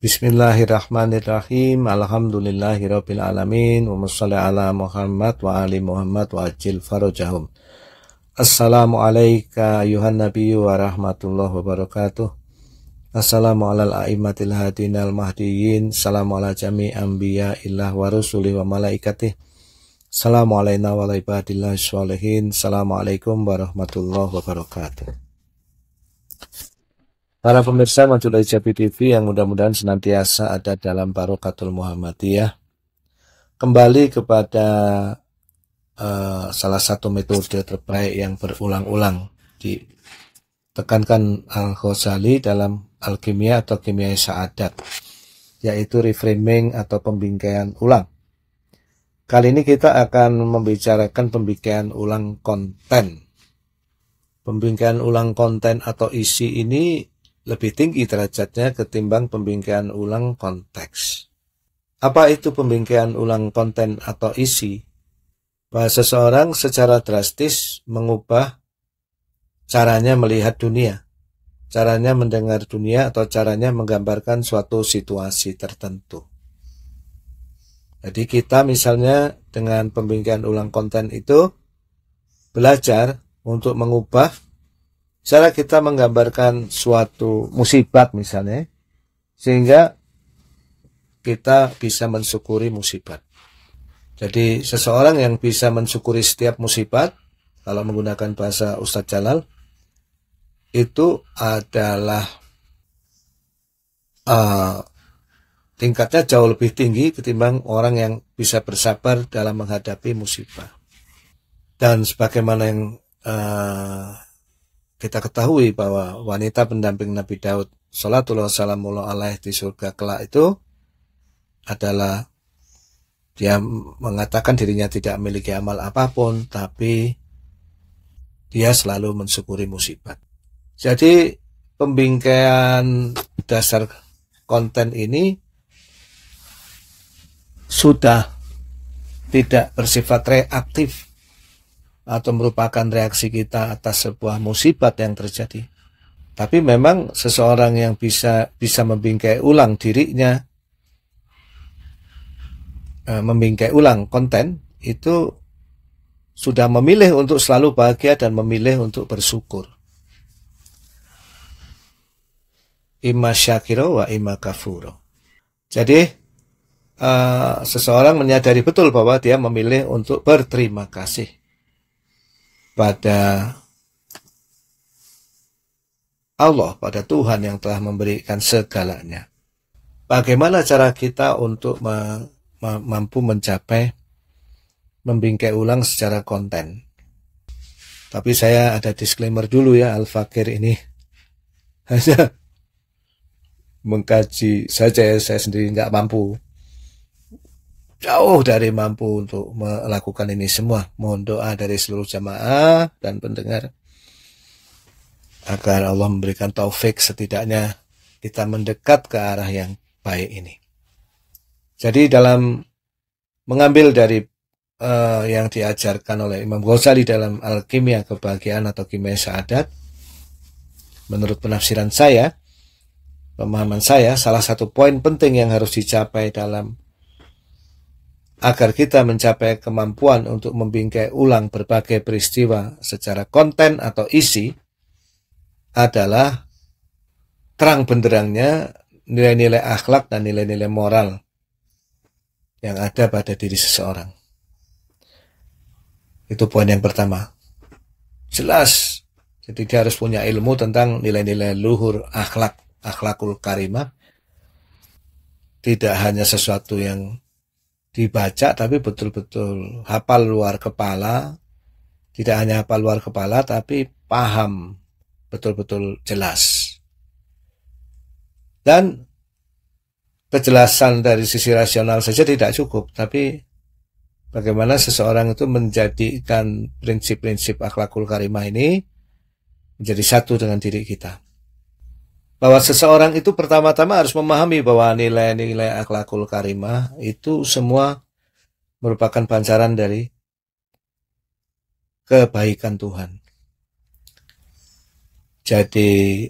Bismillahirrahmanirrahim. Alhamdulillahirabbil alamin wa shalli ala Muhammad wa ali Muhammad wa ajil farajahum. Assalamu alayka ayuhan nabiyyu wa rahmatullahi wa barakatuh. Assalamu alal a'immatil hadinal mahdiyyin. Assalamu ala jami anbiya illah wa rusuli wa malaikati. Assalamu alayna wa ala ibadillah sholihin. Assalamualaikum warahmatullahi wabarakatuh. Para pemirsa Majulah Hijabi TV yang mudah-mudahan senantiasa ada dalam Barokatul Muhammadiyah. Kembali kepada uh, salah satu metode terbaik yang berulang-ulang ditekankan Al-Ghazali dalam Alkimia atau Kimia Sa'adat, yaitu reframing atau pembingkaian ulang. Kali ini kita akan membicarakan pembingkaian ulang konten. Pembingkaian ulang konten atau isi ini lebih tinggi derajatnya ketimbang pembingkaian ulang konteks. Apa itu pembingkaian ulang konten atau isi? Bahwa seseorang secara drastis mengubah caranya melihat dunia, caranya mendengar dunia, atau caranya menggambarkan suatu situasi tertentu. Jadi kita misalnya dengan pembingkaian ulang konten itu belajar untuk mengubah Cara kita menggambarkan suatu musibat misalnya, sehingga kita bisa mensyukuri musibat. Jadi seseorang yang bisa mensyukuri setiap musibat, kalau menggunakan bahasa Ustadz Jalal, itu adalah uh, tingkatnya jauh lebih tinggi ketimbang orang yang bisa bersabar dalam menghadapi musibah. Dan sebagaimana yang uh, kita ketahui bahwa wanita pendamping Nabi Daud Salatullah salamullah alaih di surga kelak itu adalah dia mengatakan dirinya tidak memiliki amal apapun tapi dia selalu mensyukuri musibah. Jadi pembingkaian dasar konten ini sudah tidak bersifat reaktif atau merupakan reaksi kita atas sebuah musibah yang terjadi. Tapi memang seseorang yang bisa bisa membingkai ulang dirinya, e, membingkai ulang konten itu sudah memilih untuk selalu bahagia dan memilih untuk bersyukur. Ima syakiro wa ima kafuro. Jadi e, seseorang menyadari betul bahwa dia memilih untuk berterima kasih pada Allah, pada Tuhan yang telah memberikan segalanya. Bagaimana cara kita untuk mampu mencapai membingkai ulang secara konten? Tapi saya ada disclaimer dulu ya, Al-Fakir ini hanya mengkaji saja ya, saya sendiri nggak mampu jauh dari mampu untuk melakukan ini semua. Mohon doa dari seluruh jamaah dan pendengar agar Allah memberikan taufik setidaknya kita mendekat ke arah yang baik ini. Jadi dalam mengambil dari uh, yang diajarkan oleh Imam Ghazali dalam Alkimia Kebahagiaan atau Kimia Saadat, menurut penafsiran saya, pemahaman saya, salah satu poin penting yang harus dicapai dalam agar kita mencapai kemampuan untuk membingkai ulang berbagai peristiwa secara konten atau isi adalah terang benderangnya nilai-nilai akhlak dan nilai-nilai moral yang ada pada diri seseorang. Itu poin yang pertama. Jelas. Jadi dia harus punya ilmu tentang nilai-nilai luhur akhlak, akhlakul karimah. Tidak hanya sesuatu yang dibaca tapi betul-betul hafal luar kepala tidak hanya hafal luar kepala tapi paham betul-betul jelas dan kejelasan dari sisi rasional saja tidak cukup tapi bagaimana seseorang itu menjadikan prinsip-prinsip akhlakul karimah ini menjadi satu dengan diri kita bahwa seseorang itu pertama-tama harus memahami bahwa nilai-nilai akhlakul karimah itu semua merupakan pancaran dari kebaikan Tuhan. Jadi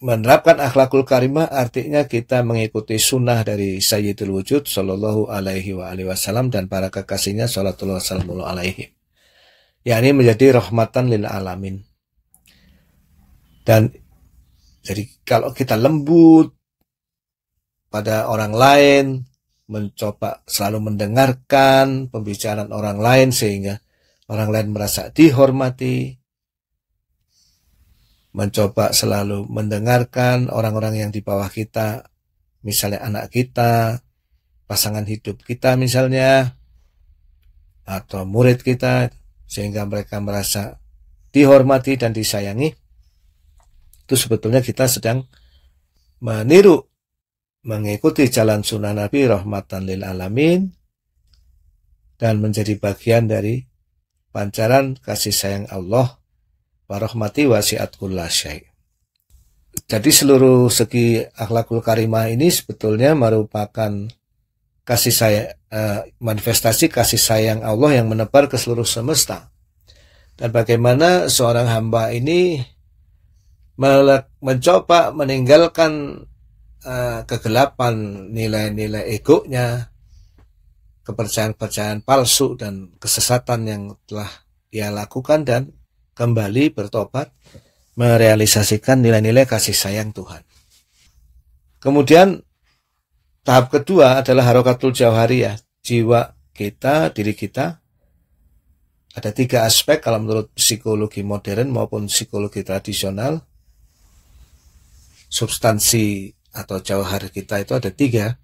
menerapkan akhlakul karimah artinya kita mengikuti sunnah dari Sayyidul Wujud Shallallahu Alaihi wa alihi Wasallam dan para kekasihnya Shallallahu Alaihi. Ya ini menjadi rahmatan lil alamin dan jadi kalau kita lembut pada orang lain, mencoba selalu mendengarkan pembicaraan orang lain sehingga orang lain merasa dihormati, mencoba selalu mendengarkan orang-orang yang di bawah kita, misalnya anak kita, pasangan hidup kita misalnya, atau murid kita, sehingga mereka merasa dihormati dan disayangi itu sebetulnya kita sedang meniru mengikuti jalan sunnah Nabi rahmatan lil alamin dan menjadi bagian dari pancaran kasih sayang Allah warahmati wasiat kullasyai. Jadi seluruh segi akhlakul karimah ini sebetulnya merupakan kasih sayang eh, manifestasi kasih sayang Allah yang menebar ke seluruh semesta. Dan bagaimana seorang hamba ini mencoba meninggalkan uh, kegelapan nilai-nilai egonya, kepercayaan-kepercayaan palsu dan kesesatan yang telah ia lakukan dan kembali bertobat merealisasikan nilai-nilai kasih sayang Tuhan. Kemudian tahap kedua adalah harokatul ya, jiwa kita, diri kita. Ada tiga aspek kalau menurut psikologi modern maupun psikologi tradisional substansi atau jauhar kita itu ada tiga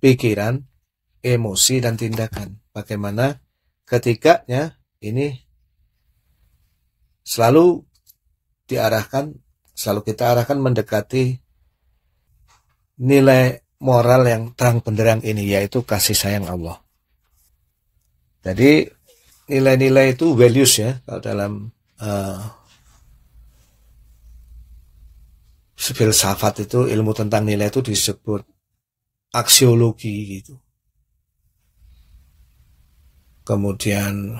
pikiran emosi dan tindakan bagaimana ketiganya ini selalu diarahkan selalu kita arahkan mendekati nilai moral yang terang benderang ini yaitu kasih sayang Allah. Jadi nilai-nilai itu values ya kalau dalam uh, filsafat itu ilmu tentang nilai itu disebut aksiologi gitu. Kemudian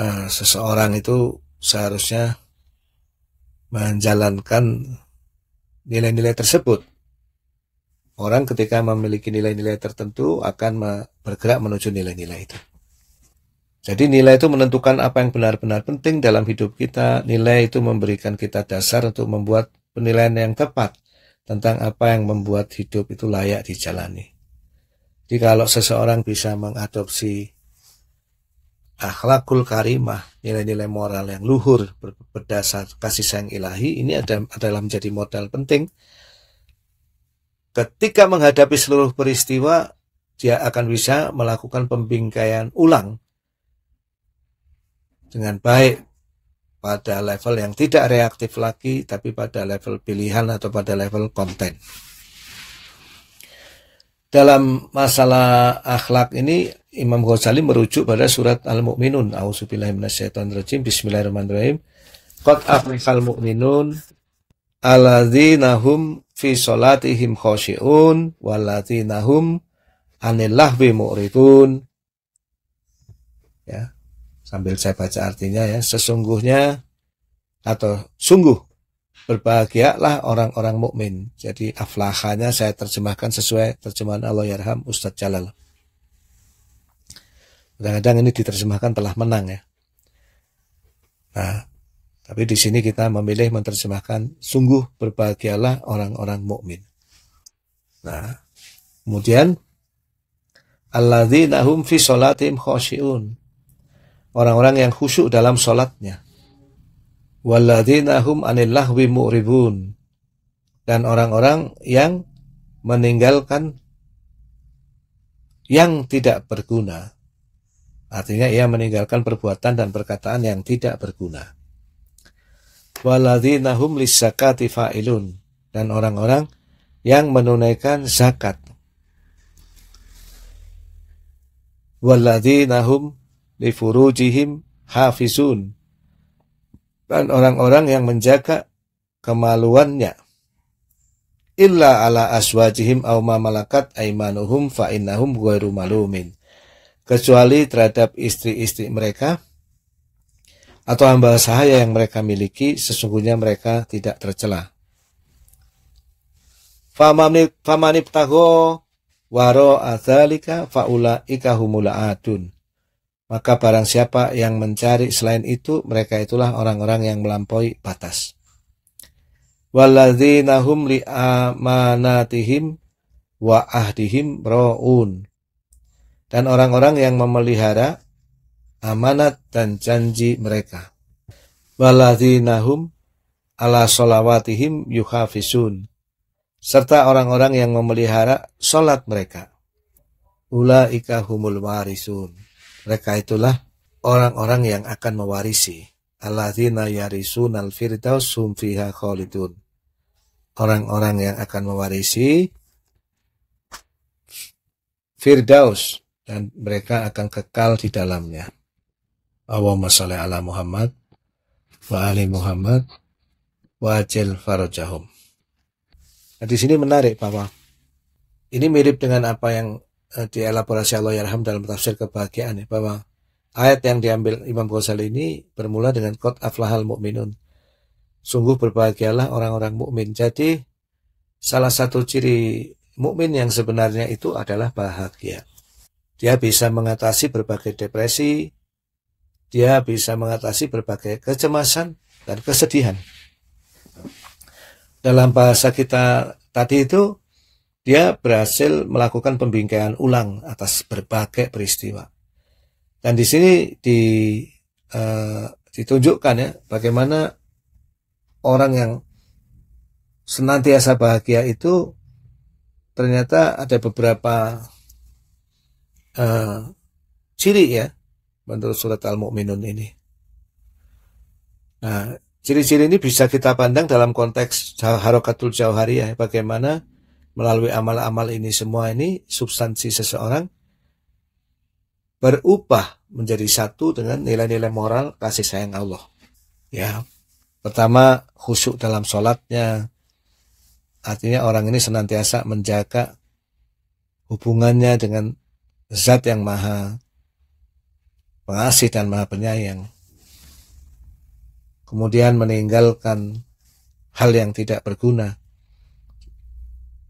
uh, seseorang itu seharusnya menjalankan nilai-nilai tersebut. Orang ketika memiliki nilai-nilai tertentu akan bergerak menuju nilai-nilai itu. Jadi nilai itu menentukan apa yang benar-benar penting dalam hidup kita. Nilai itu memberikan kita dasar untuk membuat penilaian yang tepat tentang apa yang membuat hidup itu layak dijalani. Jadi kalau seseorang bisa mengadopsi akhlakul karimah, nilai-nilai moral yang luhur berdasar kasih sayang ilahi, ini adalah menjadi modal penting. Ketika menghadapi seluruh peristiwa, dia akan bisa melakukan pembingkaian ulang dengan baik pada level yang tidak reaktif lagi tapi pada level pilihan atau pada level konten. Dalam masalah akhlak ini Imam Ghazali merujuk pada surat Al-Mu'minun. Auzubillahiminasyaitonirrajim. Bismillahirrahmanirrahim. Qad aflihal mu'minun aladhinahum fi sholatihim khosyi'un waladhinahum anillahwi lahwi mu'ridun sambil saya baca artinya ya sesungguhnya atau sungguh berbahagialah orang-orang mukmin. Jadi aflahanya saya terjemahkan sesuai terjemahan Allah Yarham Ustadz Jalal. Kadang-kadang ini diterjemahkan telah menang ya. Nah, tapi di sini kita memilih menterjemahkan sungguh berbahagialah orang-orang mukmin. Nah, kemudian alladzina hum fi solatim khosyi'un orang-orang yang khusyuk dalam sholatnya. Walladzina hum anilah Dan orang-orang yang meninggalkan yang tidak berguna. Artinya ia meninggalkan perbuatan dan perkataan yang tidak berguna. Walladzina hum lisakati fa'ilun. Dan orang-orang yang menunaikan zakat. Walladzina hum lifurujihim hafizun dan orang-orang yang menjaga kemaluannya illa ala aswajihim aw ma malakat aimanuhum fa innahum ghairu malumin kecuali terhadap istri-istri mereka atau hamba sahaya yang mereka miliki sesungguhnya mereka tidak tercela famanib tago waro azalika faula ikahumula adun maka barang siapa yang mencari selain itu, mereka itulah orang-orang yang melampaui batas. Waladzinahum hum li amanatihim wa ahdihim raun. Dan orang-orang yang memelihara amanat dan janji mereka. Waladzinahum ala solawatihim yuhafisun. Serta orang-orang yang memelihara sholat mereka. Ulaika humul warisun mereka itulah orang-orang yang akan mewarisi. Alladzina yarisunal firdaus hum fiha khalidun. Orang-orang yang akan mewarisi firdaus dan mereka akan kekal di dalamnya. Allahumma shalli ala Muhammad wa ali Muhammad wa ajil farajahum. Nah, di sini menarik Bapak. Ini mirip dengan apa yang Eh, dielaborasi Allah Yarham ya dalam tafsir kebahagiaan ya, bahwa ayat yang diambil Imam Ghazali ini bermula dengan kot aflahal mukminun. Sungguh berbahagialah orang-orang mukmin. Jadi salah satu ciri mukmin yang sebenarnya itu adalah bahagia. Dia bisa mengatasi berbagai depresi, dia bisa mengatasi berbagai kecemasan dan kesedihan. Dalam bahasa kita tadi itu dia berhasil melakukan pembingkaian ulang atas berbagai peristiwa. Dan di sini di, e, ditunjukkan ya bagaimana orang yang senantiasa bahagia itu ternyata ada beberapa e, ciri ya menurut surat Al-Mu'minun ini. Nah, ciri-ciri ini bisa kita pandang dalam konteks harokatul ya bagaimana melalui amal-amal ini semua ini substansi seseorang berubah menjadi satu dengan nilai-nilai moral kasih sayang Allah. Ya, pertama khusyuk dalam sholatnya. Artinya orang ini senantiasa menjaga hubungannya dengan zat yang maha pengasih dan maha penyayang. Kemudian meninggalkan hal yang tidak berguna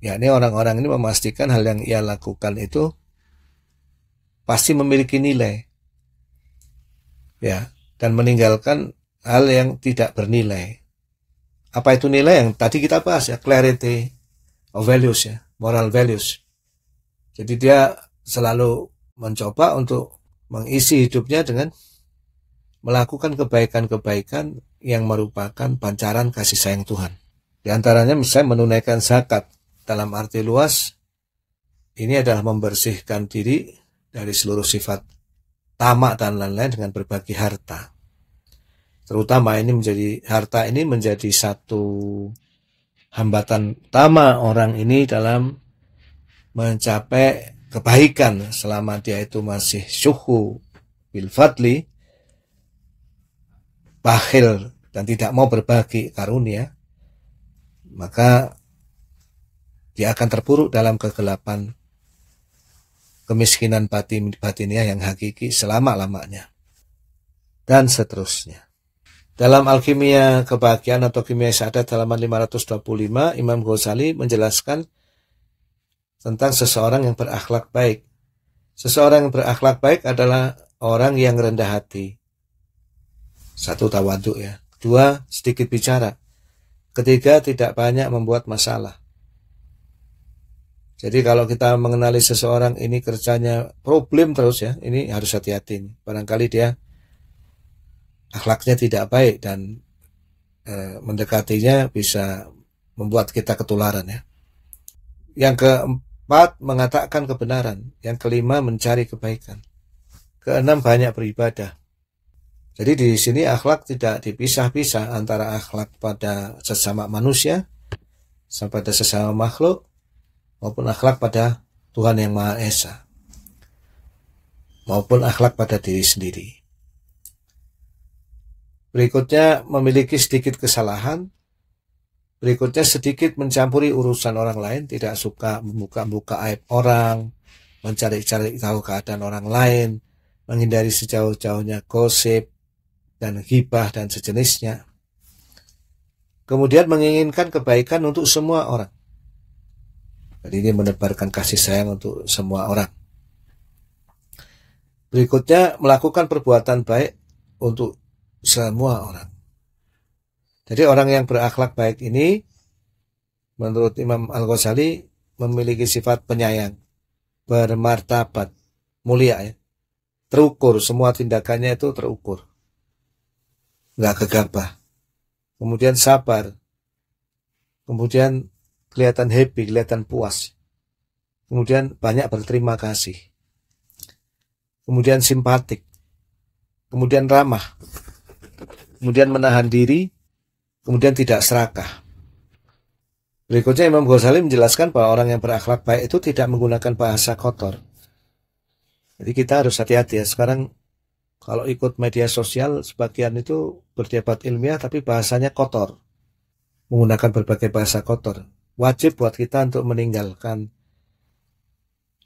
ya ini orang-orang ini memastikan hal yang ia lakukan itu pasti memiliki nilai ya dan meninggalkan hal yang tidak bernilai apa itu nilai yang tadi kita bahas ya clarity of values ya moral values jadi dia selalu mencoba untuk mengisi hidupnya dengan melakukan kebaikan-kebaikan yang merupakan pancaran kasih sayang Tuhan. Di antaranya misalnya menunaikan zakat dalam arti luas ini adalah membersihkan diri dari seluruh sifat tamak dan lain-lain dengan berbagi harta. Terutama ini menjadi harta ini menjadi satu hambatan utama orang ini dalam mencapai kebaikan selama dia itu masih syuhu bil fadli bakhil dan tidak mau berbagi karunia maka dia akan terpuruk dalam kegelapan kemiskinan batin yang hakiki selama-lamanya dan seterusnya. Dalam alkimia kebahagiaan atau kimia syahadat halaman 525, Imam Ghazali menjelaskan tentang seseorang yang berakhlak baik. Seseorang yang berakhlak baik adalah orang yang rendah hati. Satu tawaduk ya. Dua, sedikit bicara. Ketiga, tidak banyak membuat masalah. Jadi kalau kita mengenali seseorang ini kerjanya problem terus ya, ini harus hati-hati. Barangkali dia akhlaknya tidak baik dan e, mendekatinya bisa membuat kita ketularan ya. Yang keempat mengatakan kebenaran, yang kelima mencari kebaikan. Keenam banyak beribadah. Jadi di sini akhlak tidak dipisah-pisah antara akhlak pada sesama manusia, sampai pada sesama makhluk, maupun akhlak pada Tuhan yang Maha Esa maupun akhlak pada diri sendiri. Berikutnya memiliki sedikit kesalahan. Berikutnya sedikit mencampuri urusan orang lain, tidak suka membuka-buka aib orang, mencari-cari tahu keadaan orang lain, menghindari sejauh-jauhnya gosip dan hibah dan sejenisnya. Kemudian menginginkan kebaikan untuk semua orang. Jadi ini menebarkan kasih sayang untuk semua orang. Berikutnya melakukan perbuatan baik untuk semua orang. Jadi orang yang berakhlak baik ini menurut Imam Al-Ghazali memiliki sifat penyayang, bermartabat, mulia ya. Terukur, semua tindakannya itu terukur. Nggak gegabah. Kemudian sabar. Kemudian kelihatan happy, kelihatan puas. Kemudian banyak berterima kasih. Kemudian simpatik. Kemudian ramah. Kemudian menahan diri. Kemudian tidak serakah. Berikutnya Imam Ghazali menjelaskan bahwa orang yang berakhlak baik itu tidak menggunakan bahasa kotor. Jadi kita harus hati-hati ya. Sekarang kalau ikut media sosial sebagian itu berdebat ilmiah tapi bahasanya kotor. Menggunakan berbagai bahasa kotor wajib buat kita untuk meninggalkan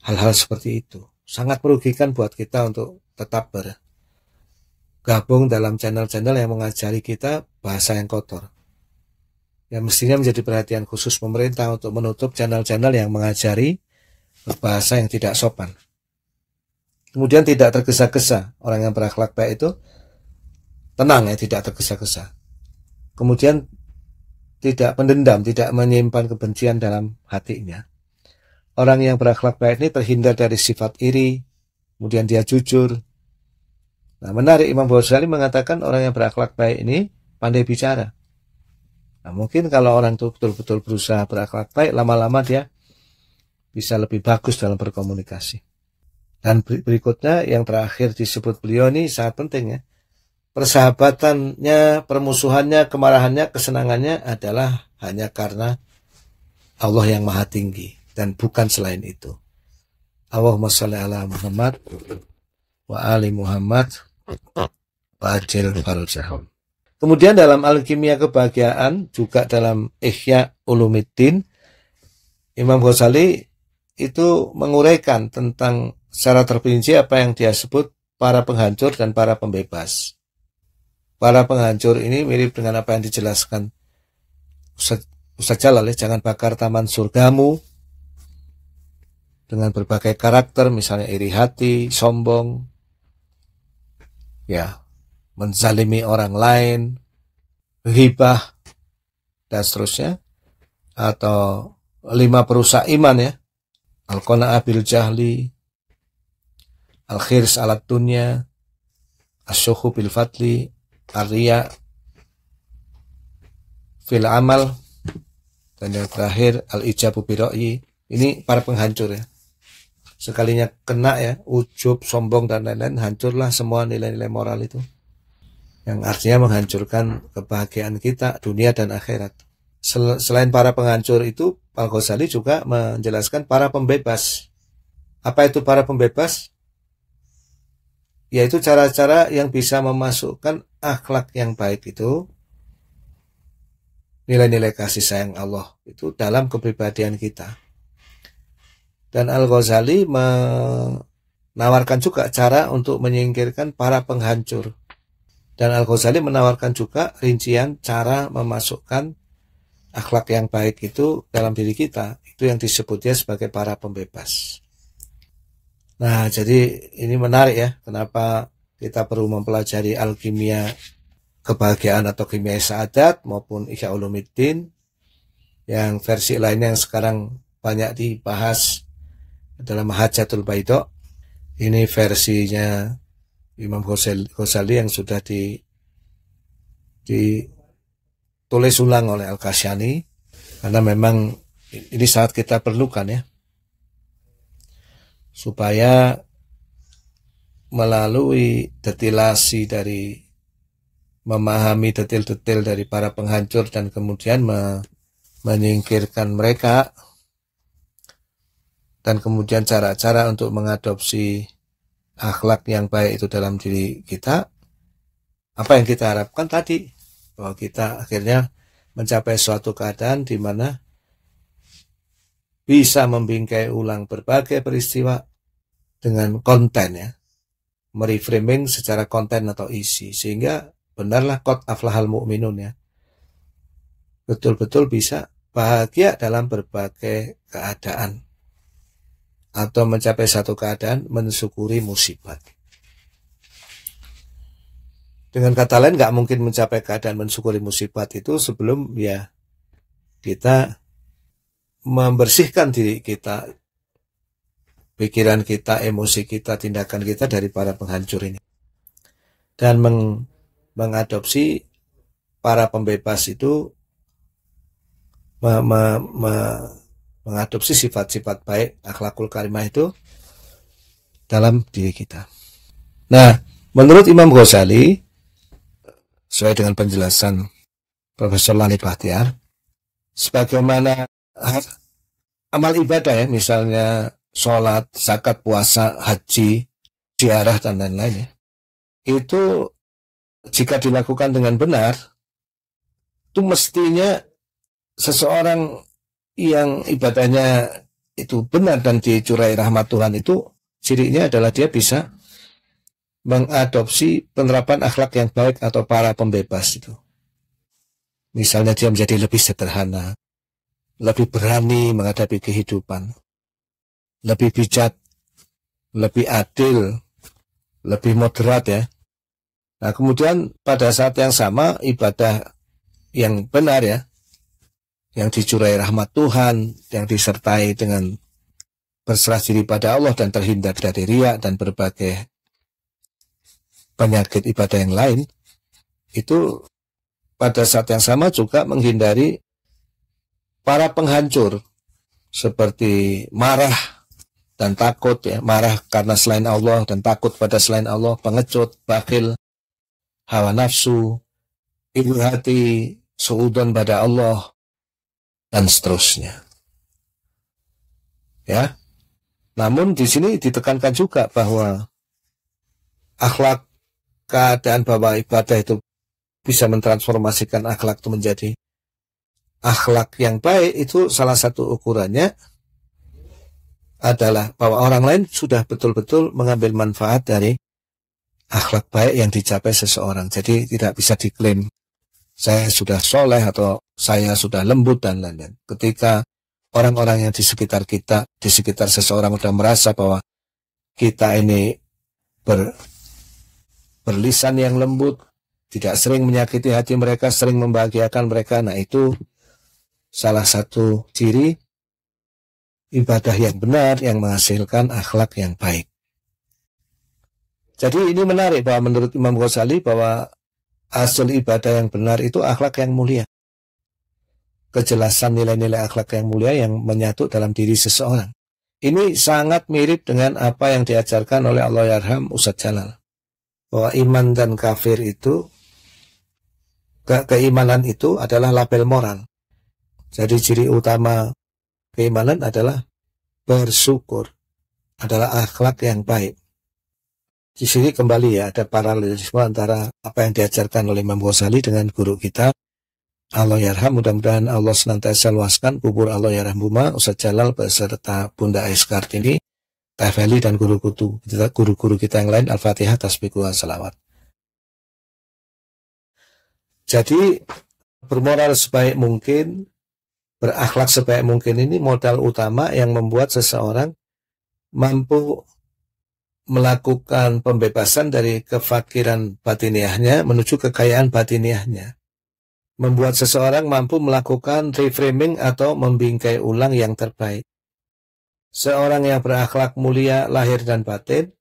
hal-hal seperti itu. Sangat merugikan buat kita untuk tetap bergabung dalam channel-channel yang mengajari kita bahasa yang kotor. Yang mestinya menjadi perhatian khusus pemerintah untuk menutup channel-channel yang mengajari bahasa yang tidak sopan. Kemudian tidak tergesa-gesa. Orang yang berakhlak baik itu tenang ya, tidak tergesa-gesa. Kemudian tidak mendendam, tidak menyimpan kebencian dalam hatinya. Orang yang berakhlak baik ini terhindar dari sifat iri, kemudian dia jujur. Nah, menarik Imam Ghazali mengatakan orang yang berakhlak baik ini pandai bicara. Nah, mungkin kalau orang itu betul-betul berusaha berakhlak baik, lama-lama dia bisa lebih bagus dalam berkomunikasi. Dan berikutnya yang terakhir disebut beliau ini sangat penting ya persahabatannya, permusuhannya, kemarahannya, kesenangannya adalah hanya karena Allah yang maha tinggi dan bukan selain itu. Allahumma sholli ala Muhammad wa ali Muhammad wa ajil farjahum. Kemudian dalam alkimia kebahagiaan juga dalam Ihya Ulumiddin Imam Ghazali itu menguraikan tentang secara terperinci apa yang dia sebut para penghancur dan para pembebas para penghancur ini mirip dengan apa yang dijelaskan Ustaz, Jalal ya, jangan bakar taman surgamu dengan berbagai karakter misalnya iri hati, sombong, ya, menzalimi orang lain, hibah, dan seterusnya. Atau lima perusak iman ya, al abil jahli, Al-Khirs alat dunya, Asyuhu bil Fatli Arya fil amal dan yang terakhir al ijabu biroi ini para penghancur ya sekalinya kena ya ujub sombong dan lain-lain hancurlah semua nilai-nilai moral itu yang artinya menghancurkan kebahagiaan kita dunia dan akhirat Sel selain para penghancur itu Al Ghazali juga menjelaskan para pembebas apa itu para pembebas yaitu cara-cara yang bisa memasukkan akhlak yang baik itu nilai-nilai kasih sayang Allah itu dalam kepribadian kita. Dan Al-Ghazali menawarkan juga cara untuk menyingkirkan para penghancur. Dan Al-Ghazali menawarkan juga rincian cara memasukkan akhlak yang baik itu dalam diri kita. Itu yang disebutnya sebagai para pembebas. Nah, jadi ini menarik ya, kenapa kita perlu mempelajari alkimia kebahagiaan atau kimia saadat maupun Isya Ulumuddin yang versi lainnya yang sekarang banyak dibahas dalam Hajatul Baito. Ini versinya Imam Ghazali yang sudah di ditulis ulang oleh Al-Kasyani karena memang ini saat kita perlukan ya supaya melalui detilasi dari memahami detil-detil dari para penghancur dan kemudian me, menyingkirkan mereka dan kemudian cara-cara untuk mengadopsi akhlak yang baik itu dalam diri kita apa yang kita harapkan tadi bahwa kita akhirnya mencapai suatu keadaan di mana bisa membingkai ulang berbagai peristiwa dengan konten ya mereframing secara konten atau isi sehingga benarlah kot aflahal mu'minun ya betul-betul bisa bahagia dalam berbagai keadaan atau mencapai satu keadaan mensyukuri musibat dengan kata lain nggak mungkin mencapai keadaan mensyukuri musibat itu sebelum ya kita membersihkan diri kita pikiran kita, emosi kita, tindakan kita dari para penghancur ini. Dan meng, mengadopsi para pembebas itu me, me, me, mengadopsi sifat-sifat baik akhlakul karimah itu dalam diri kita. Nah, menurut Imam Ghazali, sesuai dengan penjelasan Profesor Lali Bahtiar, sebagaimana amal ibadah ya, misalnya sholat, zakat, puasa, haji, ziarah, dan lain-lain ya. Itu jika dilakukan dengan benar, itu mestinya seseorang yang ibadahnya itu benar dan dicurai rahmat Tuhan itu cirinya adalah dia bisa mengadopsi penerapan akhlak yang baik atau para pembebas itu. Misalnya dia menjadi lebih sederhana, lebih berani menghadapi kehidupan lebih bijak, lebih adil, lebih moderat ya. Nah kemudian pada saat yang sama ibadah yang benar ya, yang dicurai rahmat Tuhan, yang disertai dengan berserah diri pada Allah dan terhindar dari riak dan berbagai penyakit ibadah yang lain, itu pada saat yang sama juga menghindari para penghancur seperti marah, dan takut ya, marah karena selain Allah dan takut pada selain Allah, pengecut, bakhil, hawa nafsu, ibu hati, seudon pada Allah, dan seterusnya. Ya. Namun di sini ditekankan juga bahwa akhlak keadaan bahwa ibadah itu bisa mentransformasikan akhlak itu menjadi akhlak yang baik itu salah satu ukurannya adalah bahwa orang lain sudah betul-betul mengambil manfaat dari akhlak baik yang dicapai seseorang. Jadi tidak bisa diklaim saya sudah soleh atau saya sudah lembut dan lain-lain. Ketika orang-orang yang di sekitar kita, di sekitar seseorang sudah merasa bahwa kita ini ber, berlisan yang lembut, tidak sering menyakiti hati mereka, sering membahagiakan mereka. Nah itu salah satu ciri ibadah yang benar yang menghasilkan akhlak yang baik. Jadi ini menarik bahwa menurut Imam Ghazali bahwa asal ibadah yang benar itu akhlak yang mulia. Kejelasan nilai-nilai akhlak yang mulia yang menyatu dalam diri seseorang. Ini sangat mirip dengan apa yang diajarkan oleh Allah Yarham Ustaz Jalal. Bahwa iman dan kafir itu, ke keimanan itu adalah label moral. Jadi ciri utama Keimanan adalah bersyukur, adalah akhlak yang baik. Di sini kembali ya, ada paralelisme antara apa yang diajarkan oleh Imam Ghazali dengan guru kita, Allah Yarham, mudah-mudahan Allah senantiasa luaskan kubur Allah Buma Ustaz Jalal beserta Bunda Ais Kartini, Tefeli dan guru-guru kita, guru-guru kita yang lain, Al-Fatihah, Tasbihku, Salawat. Jadi, bermoral sebaik mungkin, berakhlak sebaik mungkin ini modal utama yang membuat seseorang mampu melakukan pembebasan dari kefakiran batiniahnya menuju kekayaan batiniahnya. Membuat seseorang mampu melakukan reframing atau membingkai ulang yang terbaik. Seorang yang berakhlak mulia lahir dan batin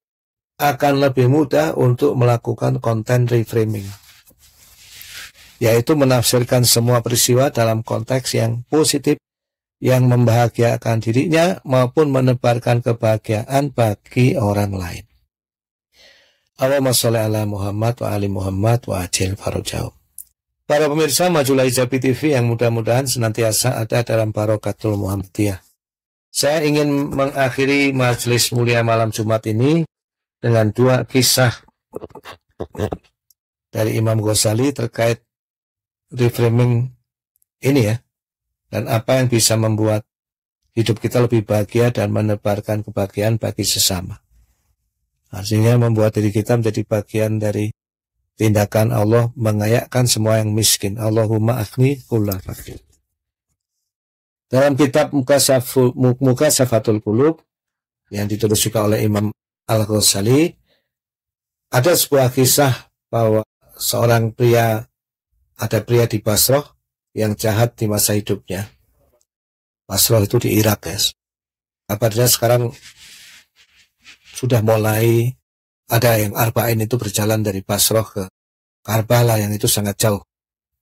akan lebih mudah untuk melakukan konten reframing yaitu menafsirkan semua peristiwa dalam konteks yang positif yang membahagiakan dirinya maupun menebarkan kebahagiaan bagi orang lain. Allahumma sholli ala Muhammad wa ali Muhammad wa ajil farajau. Para pemirsa Majulah Hijabi TV yang mudah-mudahan senantiasa ada dalam barokatul Muhammadiyah. Saya ingin mengakhiri majelis mulia malam Jumat ini dengan dua kisah dari Imam Ghazali terkait reframing ini ya dan apa yang bisa membuat hidup kita lebih bahagia dan menebarkan kebahagiaan bagi sesama. Artinya membuat diri kita menjadi bagian dari tindakan Allah mengayakkan semua yang miskin. Allahumma akhni kulla fakir. Dalam kitab Mukasafatul Muka Kulub yang ditulis juga oleh Imam Al-Ghazali, ada sebuah kisah bahwa seorang pria ada pria di Basroh yang jahat di masa hidupnya. Basroh itu di Irak, guys. Kabarnya sekarang sudah mulai ada yang Arba'in itu berjalan dari Basroh ke Karbala yang itu sangat jauh.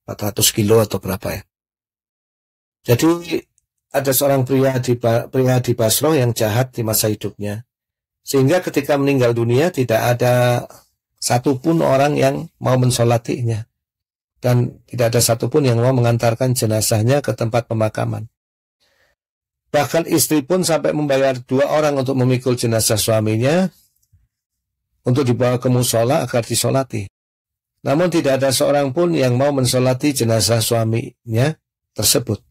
400 kilo atau berapa ya. Jadi ada seorang pria di pria di Basroh yang jahat di masa hidupnya. Sehingga ketika meninggal dunia tidak ada satupun orang yang mau mensolatinya dan tidak ada satupun yang mau mengantarkan jenazahnya ke tempat pemakaman. Bahkan istri pun sampai membayar dua orang untuk memikul jenazah suaminya untuk dibawa ke musola agar disolati. Namun tidak ada seorang pun yang mau mensolati jenazah suaminya tersebut.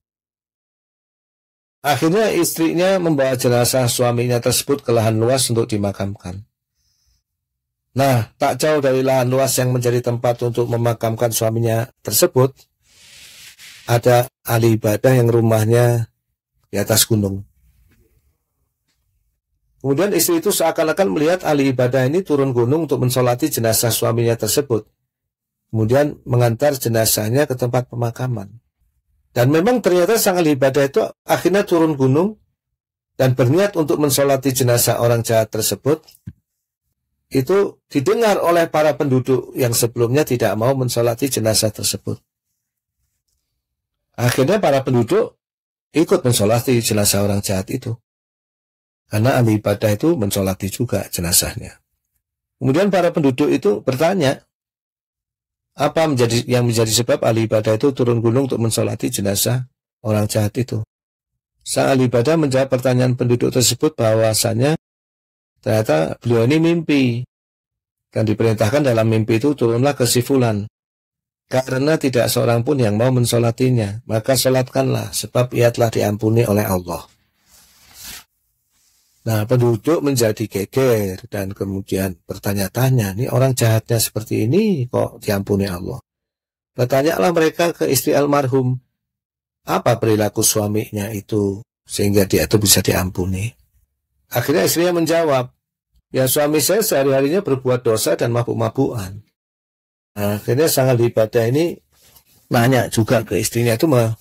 Akhirnya istrinya membawa jenazah suaminya tersebut ke lahan luas untuk dimakamkan. Nah, tak jauh dari lahan luas yang menjadi tempat untuk memakamkan suaminya tersebut, ada ahli ibadah yang rumahnya di atas gunung. Kemudian istri itu seakan-akan melihat ahli ibadah ini turun gunung untuk mensolati jenazah suaminya tersebut. Kemudian mengantar jenazahnya ke tempat pemakaman. Dan memang ternyata sang ahli ibadah itu akhirnya turun gunung dan berniat untuk mensolati jenazah orang jahat tersebut itu didengar oleh para penduduk yang sebelumnya tidak mau mensolati jenazah tersebut. Akhirnya para penduduk ikut mensolati jenazah orang jahat itu. Karena ahli ibadah itu mensolati juga jenazahnya. Kemudian para penduduk itu bertanya, apa menjadi yang menjadi sebab ahli ibadah itu turun gunung untuk mensolati jenazah orang jahat itu? Sang ahli ibadah menjawab pertanyaan penduduk tersebut bahwasanya Ternyata beliau ini mimpi. Dan diperintahkan dalam mimpi itu turunlah ke sifulan. Karena tidak seorang pun yang mau mensolatinya, maka solatkanlah sebab ia telah diampuni oleh Allah. Nah, penduduk menjadi geger dan kemudian bertanya-tanya, ini orang jahatnya seperti ini kok diampuni Allah. Bertanyalah mereka ke istri almarhum, apa perilaku suaminya itu sehingga dia itu bisa diampuni. Akhirnya istrinya menjawab, Ya suami saya sehari-harinya berbuat dosa dan mabuk-mabukan. Nah, akhirnya ahli ibadah ini nanya juga ke istrinya itu mah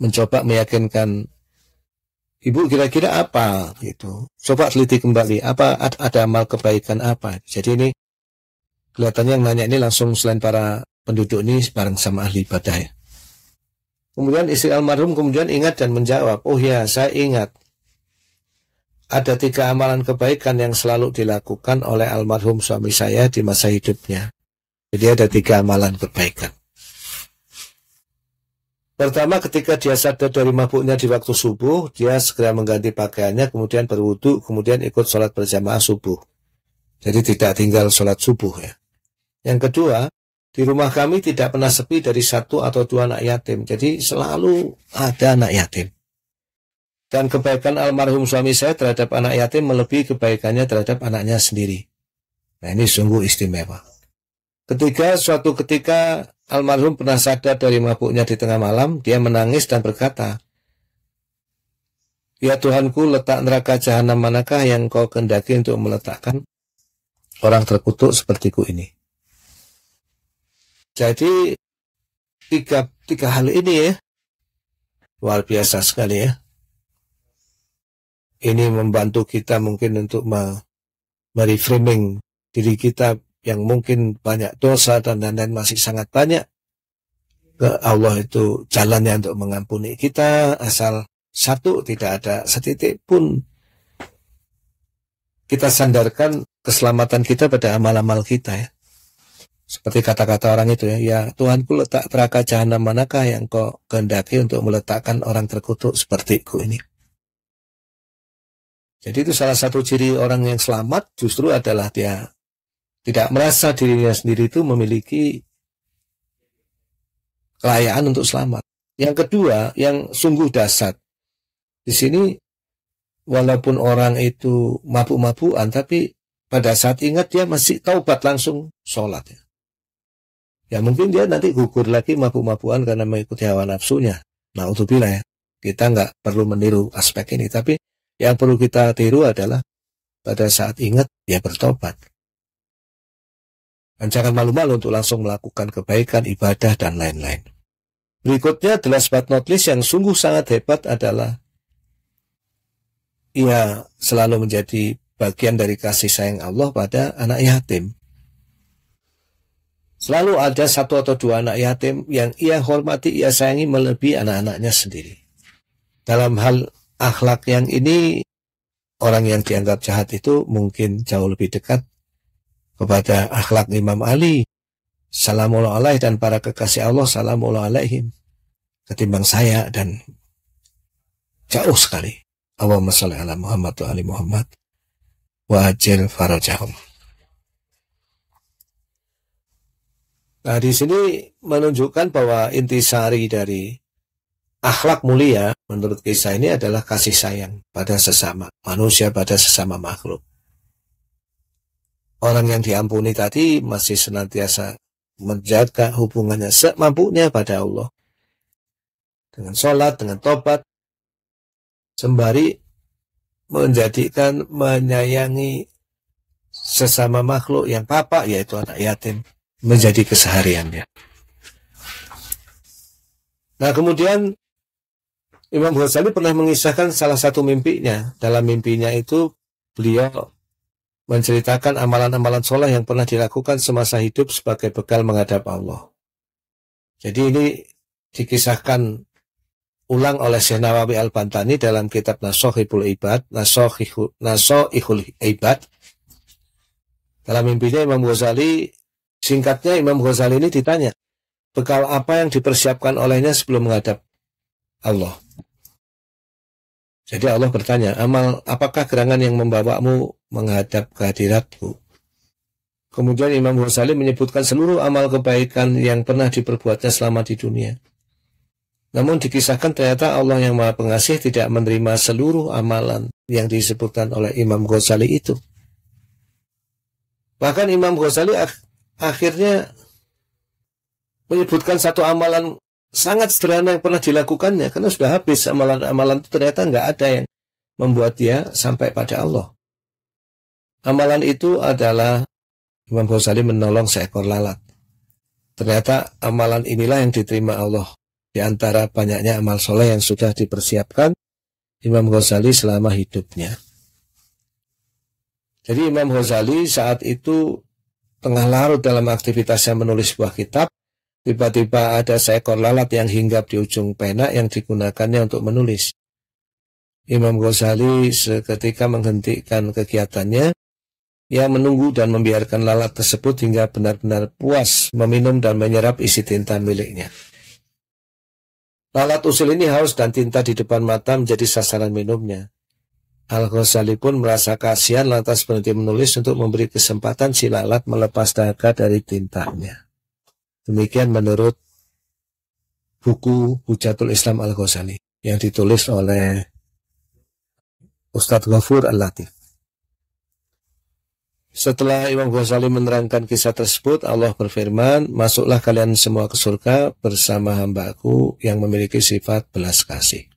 mencoba meyakinkan ibu kira-kira apa gitu. Coba teliti kembali apa ada, ada amal kebaikan apa. Jadi ini kelihatannya yang nanya ini langsung selain para penduduk ini bareng sama ahli ibadah ya. Kemudian istri almarhum kemudian ingat dan menjawab, oh ya saya ingat ada tiga amalan kebaikan yang selalu dilakukan oleh almarhum suami saya di masa hidupnya. Jadi ada tiga amalan kebaikan. Pertama ketika dia sadar dari mabuknya di waktu subuh, dia segera mengganti pakaiannya, kemudian berwudu, kemudian ikut sholat berjamaah subuh. Jadi tidak tinggal sholat subuh ya. Yang kedua, di rumah kami tidak pernah sepi dari satu atau dua anak yatim. Jadi selalu ada anak yatim. Dan kebaikan almarhum suami saya terhadap anak yatim melebihi kebaikannya terhadap anaknya sendiri. Nah ini sungguh istimewa. Ketiga, suatu ketika almarhum pernah sadar dari mabuknya di tengah malam, dia menangis dan berkata, Ya Tuhanku, letak neraka jahanam manakah yang kau kendaki untuk meletakkan orang terkutuk sepertiku ini? Jadi, tiga, tiga hal ini ya, luar biasa sekali ya ini membantu kita mungkin untuk mereframing diri kita yang mungkin banyak dosa dan lain-lain masih sangat banyak ke Allah itu jalannya untuk mengampuni kita asal satu tidak ada setitik pun kita sandarkan keselamatan kita pada amal-amal kita ya seperti kata-kata orang itu ya, ya Tuhanku letak teraka jahanam manakah yang kau kehendaki untuk meletakkan orang terkutuk seperti ku ini jadi itu salah satu ciri orang yang selamat justru adalah dia tidak merasa dirinya sendiri itu memiliki kelayaan untuk selamat. Yang kedua, yang sungguh dasar. Di sini walaupun orang itu mabuk-mabukan tapi pada saat ingat dia masih taubat langsung sholat ya. Ya mungkin dia nanti gugur lagi mabuk-mabukan karena mengikuti hawa nafsunya. Nah, bila ya. Kita nggak perlu meniru aspek ini, tapi yang perlu kita tiru adalah pada saat ingat ya bertobat. Dan jangan malu-malu untuk langsung melakukan kebaikan, ibadah, dan lain-lain. Berikutnya, the last but not least yang sungguh sangat hebat adalah ia selalu menjadi bagian dari kasih sayang Allah pada anak yatim. Selalu ada satu atau dua anak yatim yang ia hormati, ia sayangi melebihi anak-anaknya sendiri. Dalam hal akhlak yang ini orang yang dianggap jahat itu mungkin jauh lebih dekat kepada akhlak Imam Ali salamullah alaih dan para kekasih Allah salamullah alaihim ketimbang saya dan jauh sekali Allahumma masalah ala Muhammad wa ali Muhammad wa ajil farajahum Nah, di sini menunjukkan bahwa intisari dari Akhlak mulia menurut kisah ini adalah kasih sayang pada sesama, manusia pada sesama makhluk. Orang yang diampuni tadi masih senantiasa menjaga hubungannya semampunya pada Allah. Dengan sholat, dengan tobat, sembari menjadikan menyayangi sesama makhluk yang papa yaitu anak yatim menjadi kesehariannya. Nah kemudian Imam Ghazali pernah mengisahkan salah satu mimpinya. Dalam mimpinya itu beliau menceritakan amalan-amalan sholat yang pernah dilakukan semasa hidup sebagai bekal menghadap Allah. Jadi ini dikisahkan ulang oleh Syekh Nawawi Al-Bantani dalam kitab Nasohibul Ibad, Nasohihul Nasoh Ibad. Dalam mimpinya Imam Ghazali, singkatnya Imam Ghazali ini ditanya, bekal apa yang dipersiapkan olehnya sebelum menghadap Allah. Jadi Allah bertanya, amal apakah gerangan yang membawamu menghadap kehadiratku? Kemudian Imam Ghazali menyebutkan seluruh amal kebaikan yang pernah diperbuatnya selama di dunia. Namun dikisahkan ternyata Allah yang Maha Pengasih tidak menerima seluruh amalan yang disebutkan oleh Imam Ghazali itu. Bahkan Imam Ghazali ak akhirnya menyebutkan satu amalan sangat sederhana yang pernah dilakukannya karena sudah habis amalan-amalan itu ternyata nggak ada yang membuat dia sampai pada Allah. Amalan itu adalah Imam Ghazali menolong seekor lalat. Ternyata amalan inilah yang diterima Allah. Di antara banyaknya amal soleh yang sudah dipersiapkan Imam Ghazali selama hidupnya. Jadi Imam Ghazali saat itu tengah larut dalam aktivitasnya menulis sebuah kitab Tiba-tiba ada seekor lalat yang hinggap di ujung pena yang digunakannya untuk menulis. Imam Ghazali seketika menghentikan kegiatannya. Ia menunggu dan membiarkan lalat tersebut hingga benar-benar puas meminum dan menyerap isi tinta miliknya. Lalat usil ini haus dan tinta di depan mata menjadi sasaran minumnya. Al-Ghazali pun merasa kasihan lantas berhenti menulis untuk memberi kesempatan si lalat melepas dahaga dari tintanya. Demikian menurut buku Hujatul Islam Al-Ghazali yang ditulis oleh Ustadz Ghafur Al-Latif. Setelah Imam Ghazali menerangkan kisah tersebut, Allah berfirman, Masuklah kalian semua ke surga bersama hambaku yang memiliki sifat belas kasih.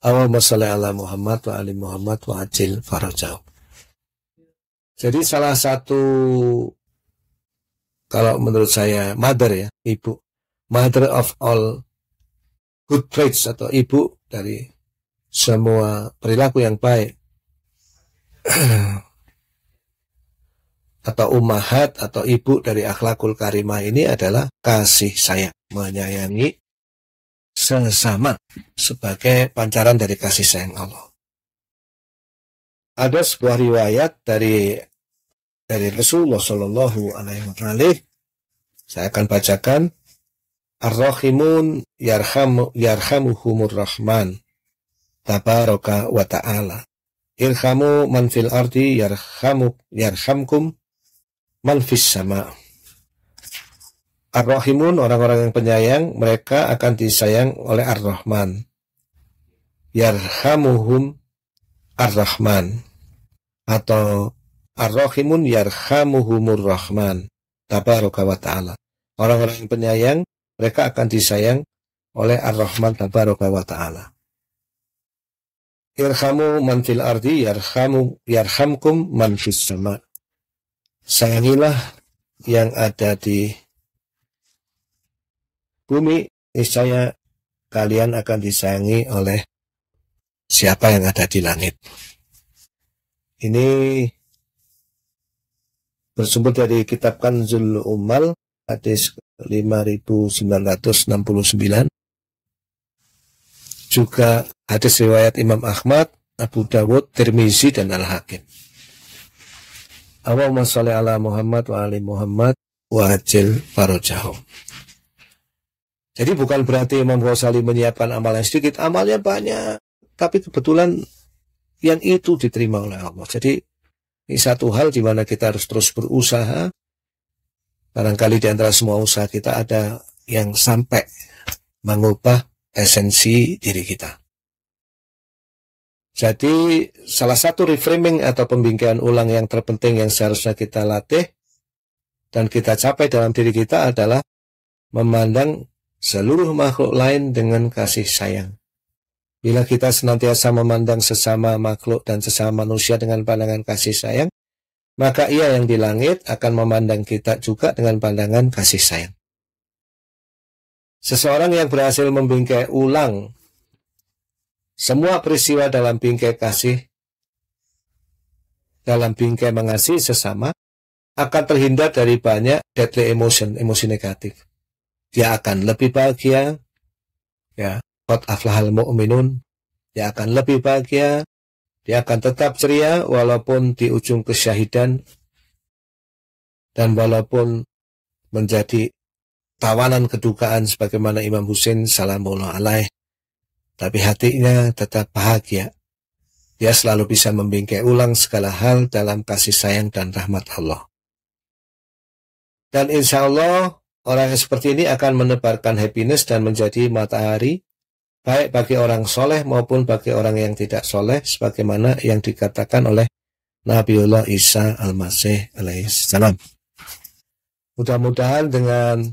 Allahumma salli ala Muhammad wa ali Muhammad wa ajil farajau. Jadi salah satu kalau menurut saya mother ya, ibu. Mother of all good traits atau ibu dari semua perilaku yang baik. atau umahat atau ibu dari akhlakul karimah ini adalah kasih sayang, menyayangi sesama sebagai pancaran dari kasih sayang Allah. Ada sebuah riwayat dari dari Rasulullah Shallallahu Alaihi Wasallam. Saya akan bacakan Ar-Rahimun yarham, yarhamuhumur Rahman Tabaraka wa Ta'ala Irhamu man fil ardi yarhamu, yarhamkum man fis sama Ar-Rahimun orang-orang yang penyayang mereka akan disayang oleh Ar-Rahman Yarhamuhum Ar-Rahman atau Ar-Rahimun yarhamuhumur Rahman. Tabaraka wa ta'ala. Orang-orang yang penyayang, mereka akan disayang oleh Ar-Rahman Tabaraka wa ta'ala. Irhamu man fil ardi yarhamu yarhamkum man fis sama. Sayangilah yang ada di bumi, niscaya kalian akan disayangi oleh siapa yang ada di langit. Ini bersumber dari kitab Kanzul Umal hadis 5969 juga hadis riwayat Imam Ahmad Abu Dawud Tirmizi dan Al Hakim Allahumma sholli ala Muhammad wa ali Muhammad wa ajil farojahum jadi bukan berarti Imam Ghazali menyiapkan amal yang sedikit, amalnya banyak. Tapi kebetulan yang itu diterima oleh Allah. Jadi ini satu hal di mana kita harus terus berusaha. Barangkali di antara semua usaha kita ada yang sampai mengubah esensi diri kita. Jadi salah satu reframing atau pembingkian ulang yang terpenting yang seharusnya kita latih dan kita capai dalam diri kita adalah memandang seluruh makhluk lain dengan kasih sayang. Bila kita senantiasa memandang sesama makhluk dan sesama manusia dengan pandangan kasih sayang, maka ia yang di langit akan memandang kita juga dengan pandangan kasih sayang. Seseorang yang berhasil membingkai ulang semua peristiwa dalam bingkai kasih, dalam bingkai mengasihi sesama, akan terhindar dari banyak deadly emotion, emosi negatif. Dia akan lebih bahagia, ya, Qad aflahal mu'minun. Dia akan lebih bahagia, dia akan tetap ceria walaupun di ujung kesyahidan dan walaupun menjadi tawanan kedukaan sebagaimana Imam Husin salamullah alaih. Tapi hatinya tetap bahagia. Dia selalu bisa membingkai ulang segala hal dalam kasih sayang dan rahmat Allah. Dan insya Allah orang yang seperti ini akan menebarkan happiness dan menjadi matahari baik bagi orang soleh maupun bagi orang yang tidak soleh, sebagaimana yang dikatakan oleh Nabiullah Isa Al-Masih alaihissalam. Mudah-mudahan dengan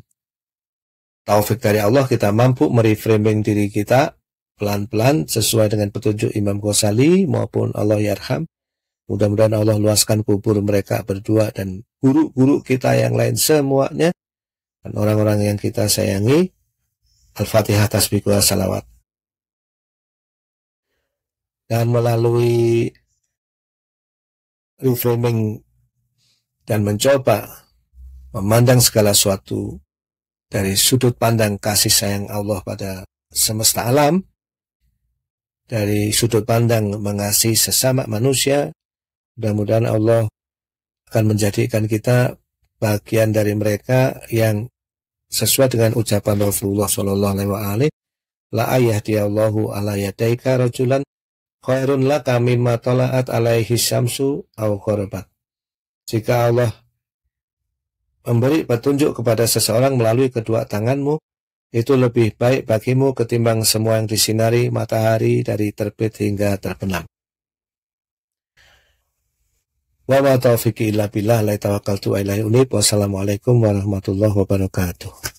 taufik dari Allah kita mampu mereframing diri kita pelan-pelan sesuai dengan petunjuk Imam Ghazali maupun Allah Yarham. Mudah-mudahan Allah luaskan kubur mereka berdua dan guru-guru kita yang lain semuanya dan orang-orang yang kita sayangi. Al-Fatihah tasbih salawat dan melalui reframing dan mencoba memandang segala sesuatu dari sudut pandang kasih sayang Allah pada semesta alam, dari sudut pandang mengasihi sesama manusia, mudah-mudahan Allah akan menjadikan kita bagian dari mereka yang sesuai dengan ucapan Rasulullah Shallallahu Alaihi Wasallam, la ayah ala yadaika rajulan khairun laka mimma tola'at alaihi syamsu au gharabat. Jika Allah memberi petunjuk kepada seseorang melalui kedua tanganmu, itu lebih baik bagimu ketimbang semua yang disinari matahari dari terbit hingga terbenam. Wa ma taufiqi illa billah la tawakkaltu ilaihi unib. Wassalamualaikum warahmatullahi wabarakatuh.